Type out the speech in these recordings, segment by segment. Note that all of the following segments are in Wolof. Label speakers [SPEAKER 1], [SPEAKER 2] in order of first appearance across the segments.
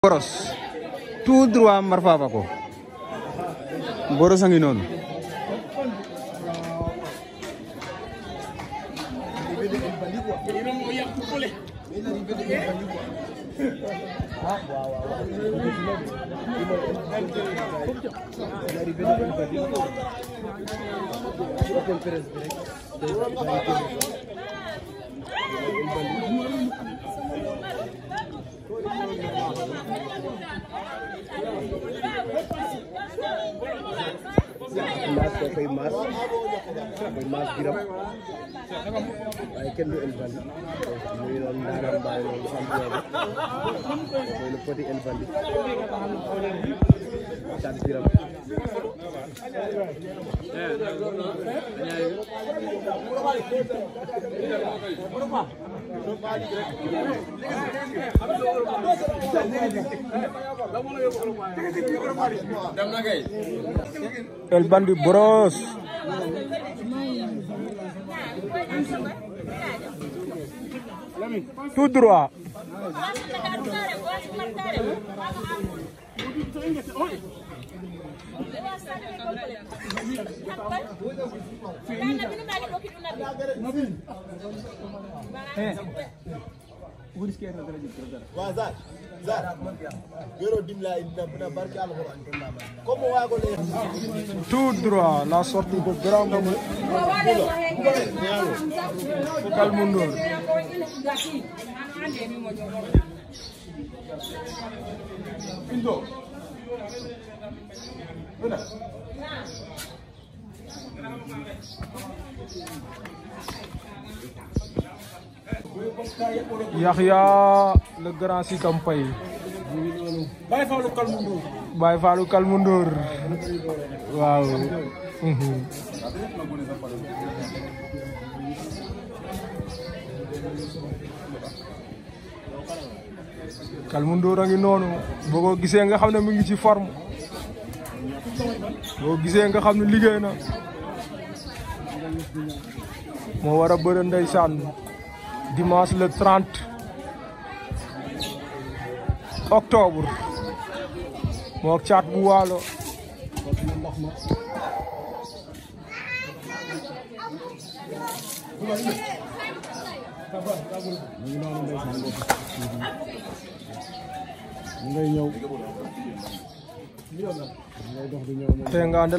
[SPEAKER 1] boros tout droit Marfafa ko boros anginon. maas ko koy maas koy maas giram waaye kenn du Elbandi muy noon El Bandit Bross tout uriskiyata dara jikko dara wa zar zar yoro dimla inna buna barke alquran comme wago le tout droit la sortie de grand homme kalmundo
[SPEAKER 2] Pintu. Udah.
[SPEAKER 1] Yahya le grand si kampay.
[SPEAKER 3] Baye Fallou Kalmundur.
[SPEAKER 1] Baye Fallou Kalmundur. Wow. -hmm. Calm Ndour a ngi noonu boo ko gisee nga xam ne mu ngi ci forme boo gisee nga xam ne liggéey na moo war a bëre ndeysaan dimanche le 30 octobre moo caat bu waalo
[SPEAKER 3] ñu ngi noonu ndeysaan boobu ñu ngay nga de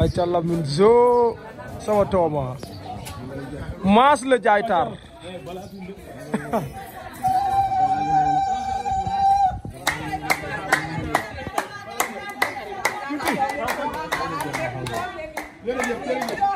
[SPEAKER 1] ay min zo sama tooma maas la jaay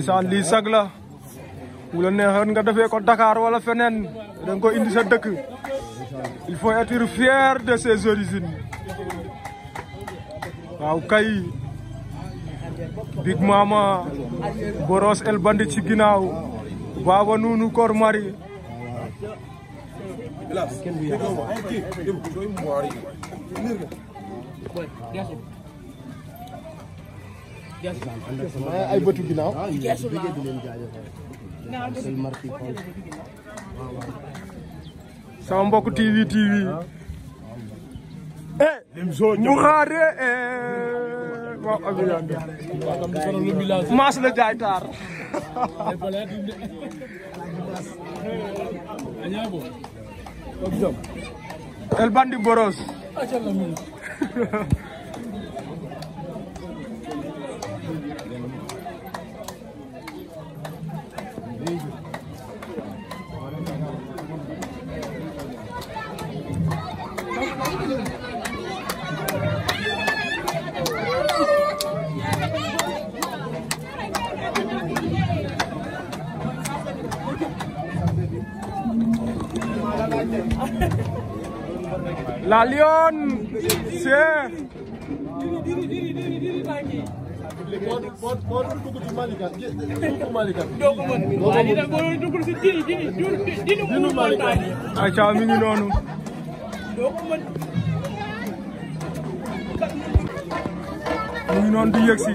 [SPEAKER 1] ndeysaan li sag la bu la neexoon nga defee ko Dakar wala fenen da ko indi sa dëkk il faut être fier de ses origines waaw kay Big Mama Boros El Bandi ci ginaaw Baba nunu Kor Mari
[SPEAKER 2] waaye
[SPEAKER 1] sama mbokk TV TV eh mu xaare eh, maas la jaay taar El Bandi Boros La Lionne, c'est... Aca mi ngi noonu mi ngi noonu di yegsi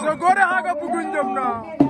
[SPEAKER 1] Gorgor Gorgor Gorgor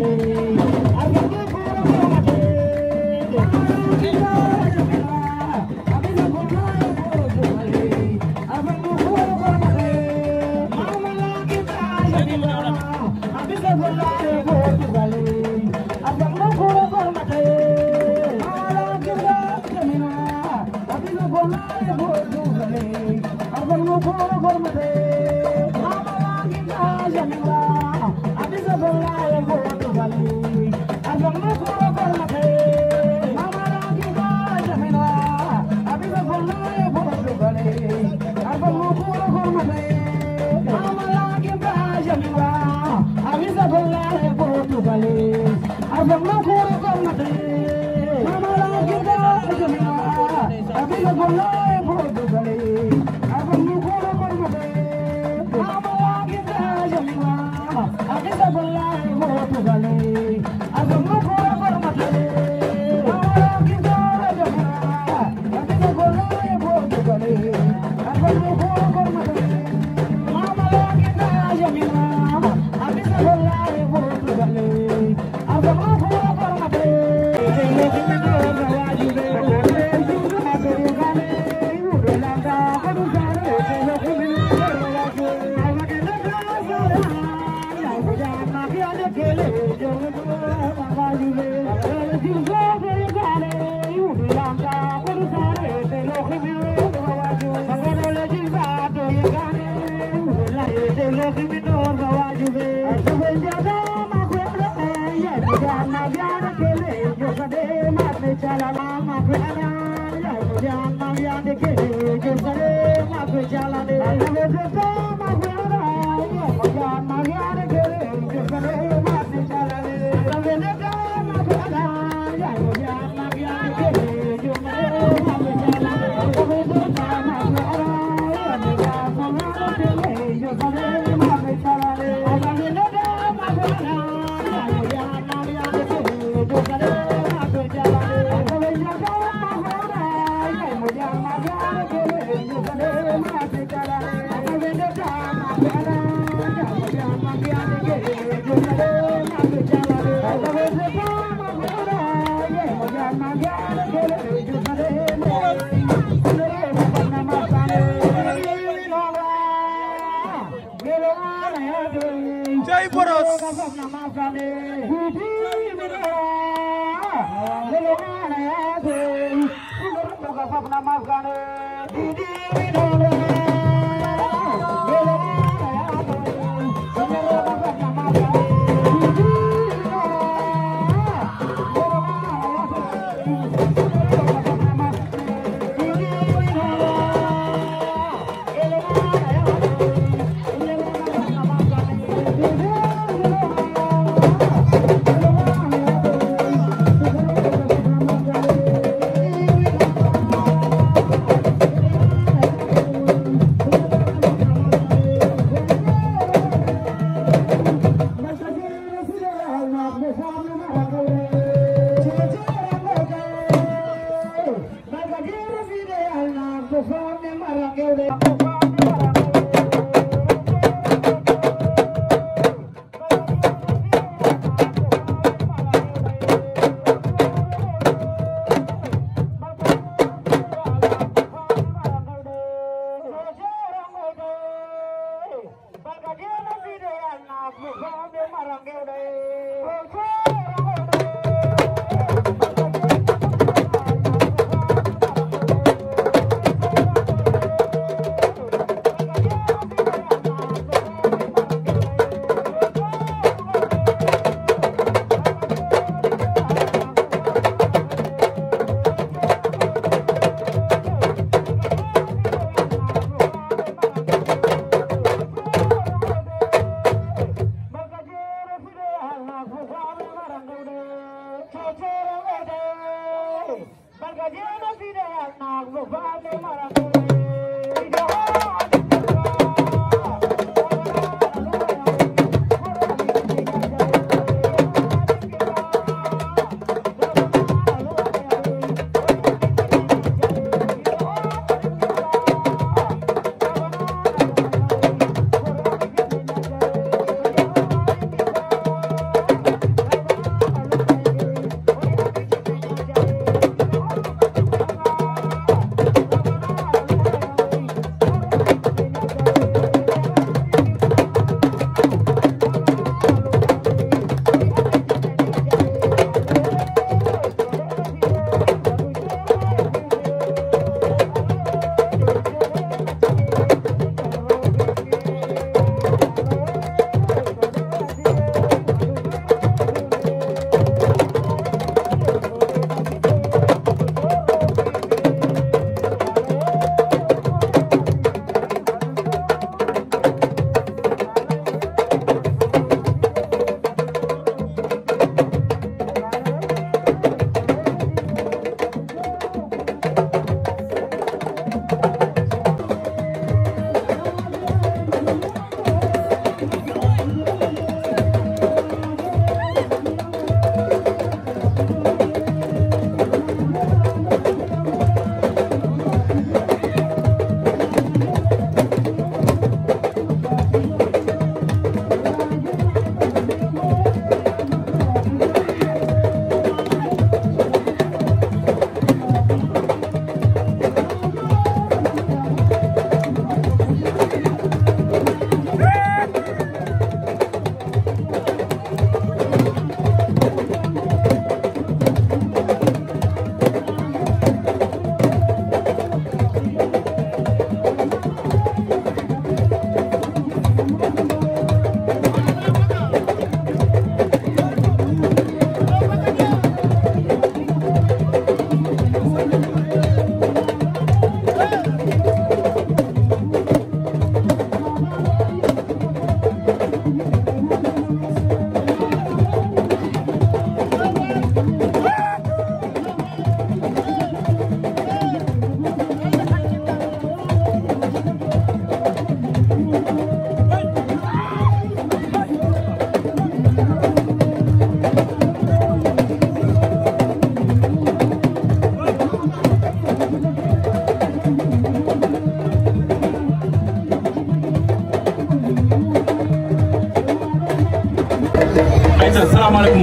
[SPEAKER 2] Hallelujah.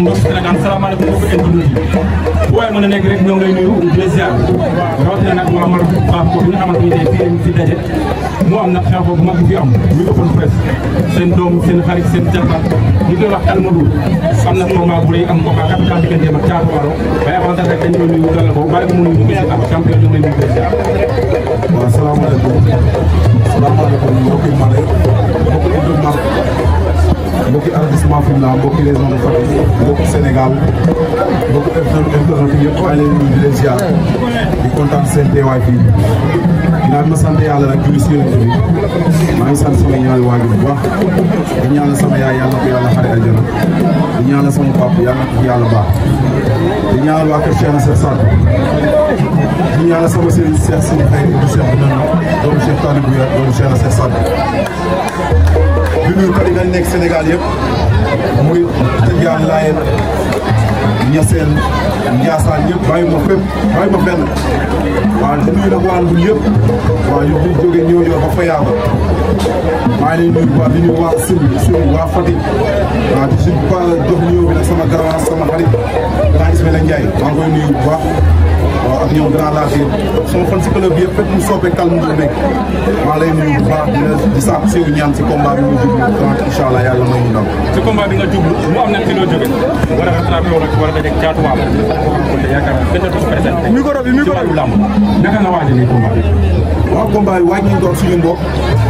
[SPEAKER 3] mbokk Sénégal salaamaaleykum mbokk internet yi waaye mën a nekk rek ñoo ngi lay nuyu di la ziar rawatina nag mu amal baax ko bi nga xamante ni tey fii lañ fi daje mu am nag xew boobu mag bi am muy open press seen doom seen xarit seen jarbaat ñu koy wax Almadou am na combat bu lay am combat kat kat digganteem ak Thiatou Walo waaye avant rek dañ koy nuyu dalal ko bàyyi ko mu nuyu ñu ak champion ñu ngi lay nuyu di la ziar waaw salaamaaleykum salaamaaleykum mbokk Mbale mbokk Mbale mbokki arrondissement Fimela mbokki région de Fatick mbokki Sénégal mbokki internet yëpp maa ngi leen di é a leen ziar di kontaan seen teewaay fii ginnaaw o ma sant yàlla nag julli si yéen bi maa ngi sant sama ñaari waajur bu baax di ñaanal sama yaay yàlla ko yàlla xare aljana di ñaanal sama papa yàlla ko yàlla baax di ñaanal o kër Cheikh Seck Sarr di ñaanal sama sëriñ Cheikh Sine Khayri di Cheikh Benana doomu Cheikh Tani Bouya doomu Cheikh Seck Sarr di nuyu kër yi nga nekk Sénégal yëpp muy Tijaan Laayeen Ñaseen Njaasaan ñëpp bàyyi ma fépp bàyyi ma fenn waaw di nuyu nag waa Ndul yëpp waaw ñu bu jógee ñëw yor ba Fayaaba maa ngi leen di nuyu waa di nuyu waa Sine Sine waa Fatick waaw di suñu jox ñëw bi nag sama grand sama xarit grand Ismaïla Ndiaye maa ngi koy nuyu bu baax. ak ñoom grand laajir sama fan si club yëpp fekk mu soobee calme nga nekk maa lay nuyu bu baax di sax si ñaan si combat bi nga jublu donc incha allah yàlla may ñu ndam. si combat bi nga jublu mu am na ci loo jógee war a rattrapé woon war a dajeeg caatu waam yaakaar naa micro bi micro bi làmb naka la waajal nii combat bi. waaw combat bi waaj nañu doon suñu mbokk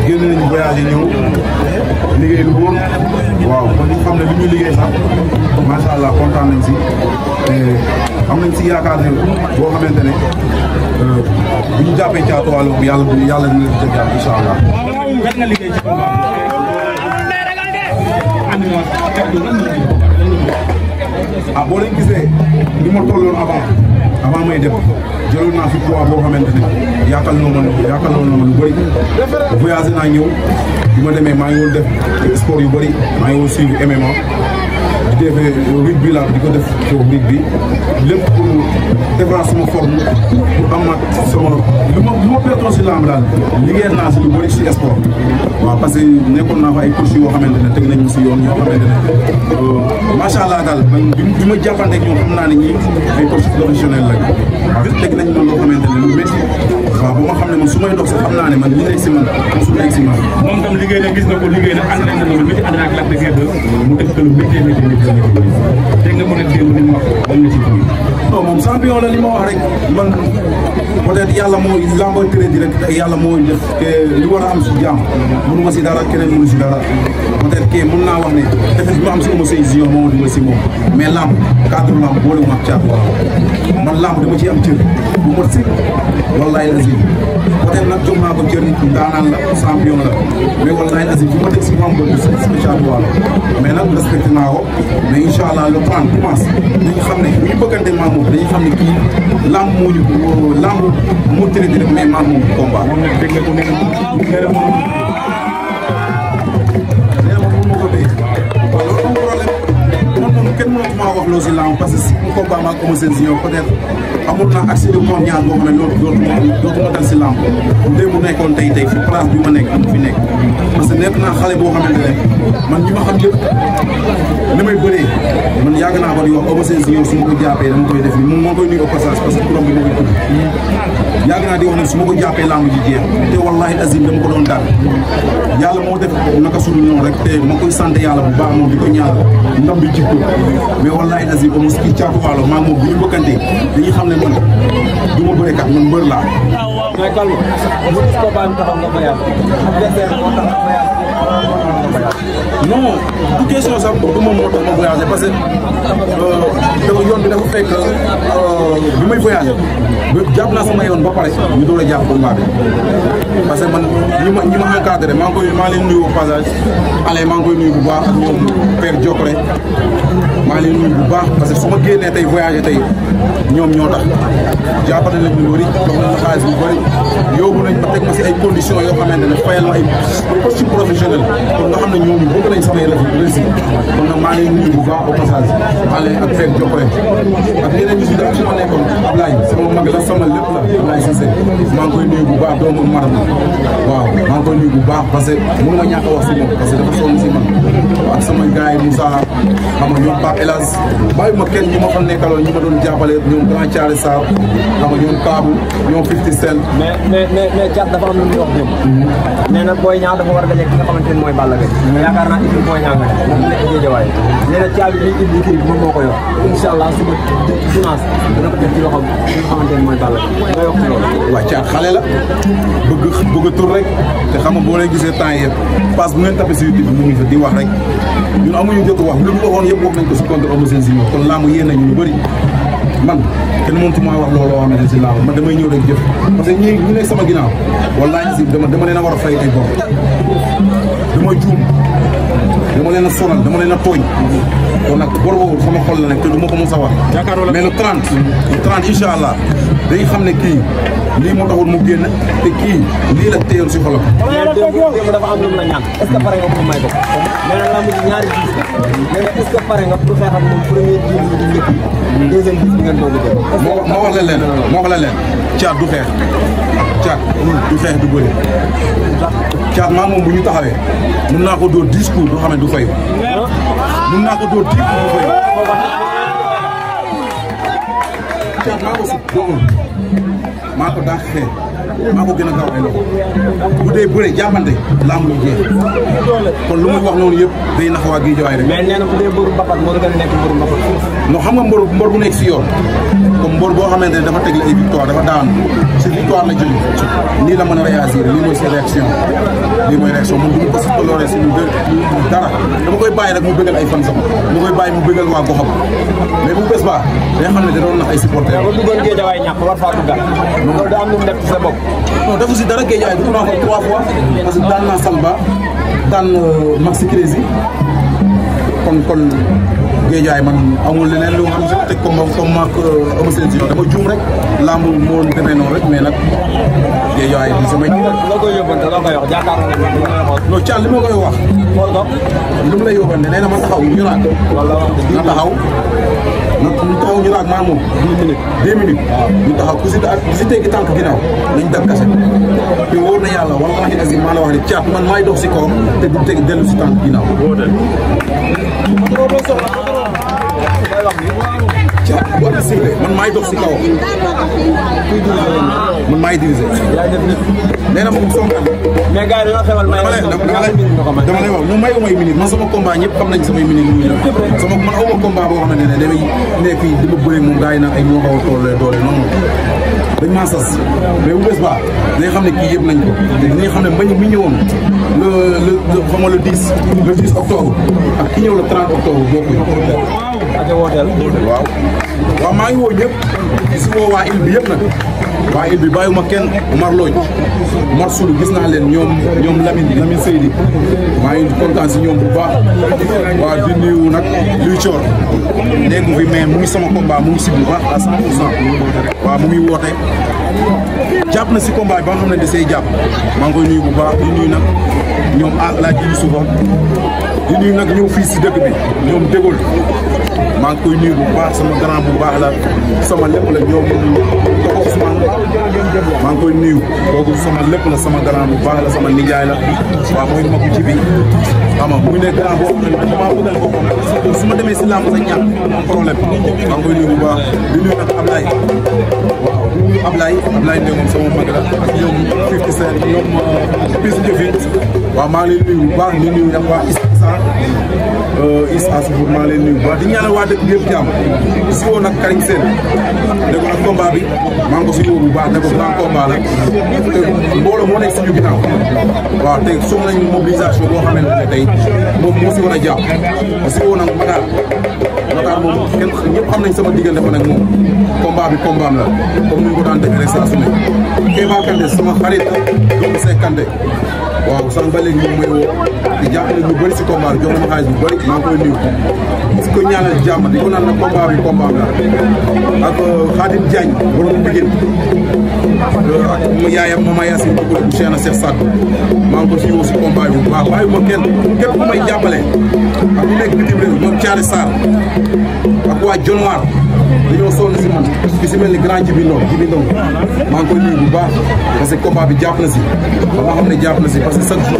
[SPEAKER 3] génn nañu voyage ñëw liggéey lu wóor waaw kon ñu xam ne li ñu liggéey sax macha allah kontaan nañ si. am nañ si yaakaar ne boo xamante ne euh, bu ñu jàppee caatu wàllu yàlla bu yàlla dina leen jënd incha allah. nga liggéey ci combat ah gisee ni ma tolloon avant avant may def jëloon naa fi boo xamante ne yaakaar naa ma yaakaar naa ma lu bëri naa ñëw bi demee maa ngi woon def sport yu bari maa ngi woon suivre di defee ruj bi laa di ko def ci ruj bi lépp pour defaraat sama forme pour amaat sama lu ma lu ma pertoon si lamb daal liggéey naa si lu bëri si sport waaw parce que nekkoon naa fa ay coach yoo xamante ne teg nañu si yoon yoo xamante ne euh, macha allah daal man bi ma jàppanteeg ñoom xam naa ne ñii ay coach professionnel lañu teg nañ ma loo xamante ne lu métti waaw ba ma xam ne man su may dox sax xam naa ne man li nekk si man su nekk si man moom tam liggéey jënd ko bëri te nga mën a démb li mu wax lan nga ci bëri. non moom champion la li ma wax rek man peut-être yàlla moo lamba crédit rek te yàlla moo def te li war a am si jàmm. mënu ma si dara keneen mënu si dara peut-être que mën naa wax ne defet ma am si Eumeu Sène Junior moom dama si moom mais lamb cadre lamb boole ma ak caatu man lamb dama ciy am cër bu mot si wallaay la si. peut être nag jox naa ko cër daanaan a champion la mais wallaay asi fi ma teg si membre bi spécial waa la mais nag respecté naa ko mais incha allah le plan commence dañu xam ne bu ñu bëggante maa moom dañu xam ne kii lamb moo ñu lamb moo tëri mais maa moom combat maa wax loolu si làmb parce que si mu combat maa ko ma seen si yow peut être amul naa accès de confiance boo xam ne loolu dootu dootuma dal si làmb démb mu nekkoon tey tey fi place bi ma nekk am fi nekk parce que nekk naa xale boo xamante ne man ñi ma xam yëpp li may bëree man yàgg naa ko di wax ba ma seen si yow su ma ko jàppee dama koy def ni moom moo koy nuyu au passage parce que turam bi ma koy tudd yàgg naa di wax ne su ma ko jàppee làmb ji jeex te wallahi azim dama ko doon daal yàlla moo def naka sudul noonu rek te ma koy sant yàlla bu baax moom di ko ñaanal ndam bi jikko mais a nasib ba mu kii Thiatou Walo maa moom bu ñu bëkkante dañuy xam ne man du ma bëre kat man mbër laa. mais Kallu. bu gis ko baax taxaw nga ko yàlla. adversaire moo tax nga ko yàlla. non du question sax du moom moo tax ma voyagé parce que te euh, yoon bi dafa fekk euh, bi may jàpp naa sama yoon ba pare ñu door a jàpp combat bi que man ñi ma ñi ma encadré maa ngi maa leen nuyu au passage ale maa ngi nuyu bu baax ak ñoom Père Diokre maa leen nuyu bu baax parce que su ma génnee tey voyagé tey ñoom ñoo tax jàppale nañ ñu bëri jox nañ ma xaalis bu bëri yóbbu nañ ma teg ma ay condition yoo xamante ne fayal ma ay postes professionnels nga xam ne ñoom ñëpp lañ sama élèves yu réussi kon nag maa ngi leen nuyu au passage maa leen ak fekk jokkoo ak yeneen ñu si def ci ma nekkoon Ablaye sama mag la sama lépp Abdoulaye Cissé maa ngi koy nuyu bu baax doomu maram waaw maa ngi koy nuyu bu baax parce que mënu ma ñàkk a wax si moom parce que dafa sonn si man ak sama gars yi Moussa xam nga ñoom Pape Elas bàyyi ma kenn ñi ma fa nekkaloon ñi ma doon jàppale ñoom Grand Thiaré Sarr xam nga ñoom Kaabu ñoom Fifty Cent mais mais mais mais Thiat dafa am lu muy wax ñoom nee na Boy Niang dafa war a daje ki nga xamante ne mooy Balla Gaye
[SPEAKER 1] yaakaar naa itul Boy Niang nga nekk Guédiawaye nee na caabi bi indi kii bi moom moo ko yor incha allah
[SPEAKER 3] suba dimanche dana ko def ci loxo bi nga xamante ne mooy Balla Gaye lay wax ci caat xale la bëgg bëgg a tur rek te xam nga boo leen gisee temps yëpp passe bu ngeen tapé si YouTube mu ngi fa di wax rek ñun amuñu jot wax lu mu waxoon yëpp wax nañ ko si contre Eumeu Sène Junior kon làmb yéen nañu ñu bëri man kenn mëntu maa wax loolu loo xam ne si làmb man damay ñëw rek jëf parce que ñi ñu nekk sama ginaaw wallaahi si dama dama leen a war a fay ay bopp dama juum dama leen a sonal dama leen a tooñ. kon nag bor boobu sama xol la nekk te du ma ko mën sa wax mais le 30 le 30 incha allah day xam ne kii lii moo taxoon mu génn te kii lii la téyoon si xolam. a jëm. moo moo wax la leen moo wax la leen caat du xeex caat du xeex du bëri. caat maa bu ñu taxawee mun naa ko dóor dix coups doo du fay. mun naa ko dóor dix coups du fay. caat maa ko sut mato da dàq maa ko gën a gaaw ay loxo bu dee bëre jàppante lamb lu jeex kon lu muy wax noonu yëpp day nax waa Guédiawaye rek. mais nee na bu dee mbëru ba moo gën a nekk mbëru mbapat. non xam mbor bu nekk si yoon. comme mbor boo xamante ne dafa tegle ay victoire dafa daan si victoire la jël nii la mën a réagir lii mooy sa réaction lii mooy réaction man du ma ko si coloré si lu dara dama koy bàyyi rek mu bëggal ay fan sama dama mu bëggal waa goxam mais bu bés ba day xam ne da doon nax ay supporters. waaw non si dara Guédiawaye bi trois fois parce que daan naa Samba daan euh, Maxi Crési kon kon Guédiawaye man amul leneen lu nga xam ne teg comme comme ak ama seen si dama juum rek lamb moo demee noonu rek mais nag Guédiawaye di sama loo koy loo koy wax jaakaar non Thial ma koy wax lu mu lay yóbbante nee na a taxaw ñu naan na taxaw na ñu taxaw ñu naag maa moom dix minutes deux ñu taxaw si ak ku si teggi tànk ginnaaw nañ dab kase te wóor na yàlla wala ma asi maa la wax ne caat man maay dox si kawam te du teg dellu si tànk ginnaaw ca war a siiwee man maay dox si kawam. man maay dirigé. nee na moom Sonko. mais gars yi dañoo xewal may dama lay wax ñu may may minute man sama combat ñëpp xam nañ samay minute ñu ñëw. sama man aw ma combat boo xam ne ne damay nekk fii di ma bëree moom gars yi ay ñoo xaw a toll doole non dañ maa sas mais bu bés ba xam ne kii yëpp nañ ko dañuy xam ne mbañ mi ñëwoon le le xam nga le 10 le 10 octobre ak ki ñëw le 30 octobre bokkuñ. waaw. waaw maa ngi woo ñëpp di si woo waa il bi yëpp nag waa il bi bàyyiwuma kenn Omar Lodj Omar gis naa leen ñoom ñoom Lamine Lamine Seydi maa ngi kontaan si ñoom bu baax waaw di nuyu nag luy coor léegi mu fi mais sama combat mu ngi si bu baax à mu ngi woote jàpp na si combat ba xam ne da say jàpp maa koy nuyu bu baax di nuyu nag ñoom ah laa ji suufam di nuyu nag ñëw fii si dëkk bi ñoom dégul maa ngi koy nuyu bu baax sama grand bu baax la sama lépp la ñoom kooku Ousmane maa ngi koy sama lépp la sama grand bu baax la sama nijaay la waaw mooy magu bu baax di nuyu nag euh, maa ngi lay bu baax di nuyu nag waa Euh, Issa Assoufou maa leen nuyu baax di ñaanal waa dëkk bi yëpp jàmm si woon ak Karim Sène dégg nga combat bi maa ngi ko si woo bu baax ne ko grand combat la te mbooloo moo nekk suñu ginnaaw waaw te soxla nañu mobilisation boo xamante ne tey moom moo si war a jàpp si woon ak Matar moom kenn ñëpp xam nañ sama diggante man ak moom combat bi combat am la comme ni ñu ko daan defee saa su ne Kéba Kandé sama xarit doomu Seck waaw sànq ba léegi moom mooy woo di jàppale ñu bëri si combat bi jox na ma xaalis bu bëri maa ngi koy nuyu di ko ñaanal jàmm di ko naan nag combat bi combat bi ak euh, Khadim Diagne borom Pikine euh, ak mu yaayam Mama Yacine Touré bu Cheikh na Cheikh maa ngi si woo si combat bi waaw bàyyi ma kenn képp ku may jàppale ak ñu nekk bitim réew moom Thiaré Sarr ak waa Jonwaar dañoo sonn si man ku si mel ni grand Jibi Ndong Jibi maa ngi koy nuyu baax parce que combat bi jàpp na si ba ma xam ne jàpp na si parce que chaque jour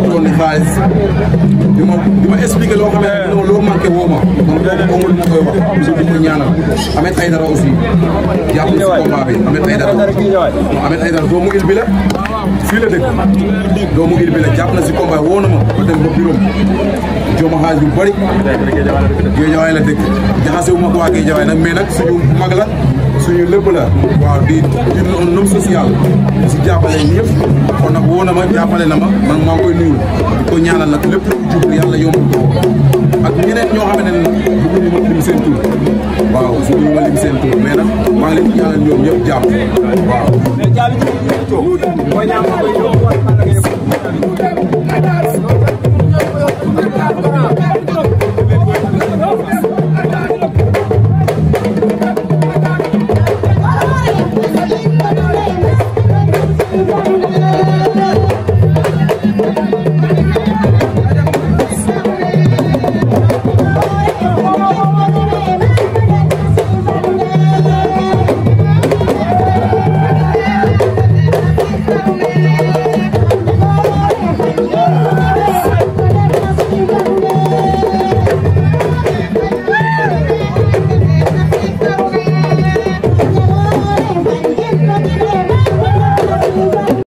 [SPEAKER 3] bu ma di ma expliqué loo xam ne loo manqué woo ma man boobu amul lu ma koy wax toujours di ko ñaanal Ahmed Aïdara aussi jàpp na si combat bi Ahmed Aïdara Ahmed doomu il bi la fii la dëkk doomu il bi la jàpp na si combat woo na ma ba dem ba Dioma xaaj bu bëri. Géejawaay la dëkk jaxase wu ma ko waa Géejawaay nag mais nag suñu mag la suñu lépp la. waaw di di un homme social si jàppale ñëpp woo na ma jàppale na ma man maa ngi koy nuyu di ko ñaanal nag lépp lu jub ak ñeneen ñoo xam ne nag bëgguñu ma lim seen tur waaw suñu ma lim seen tur mais nag maa ngi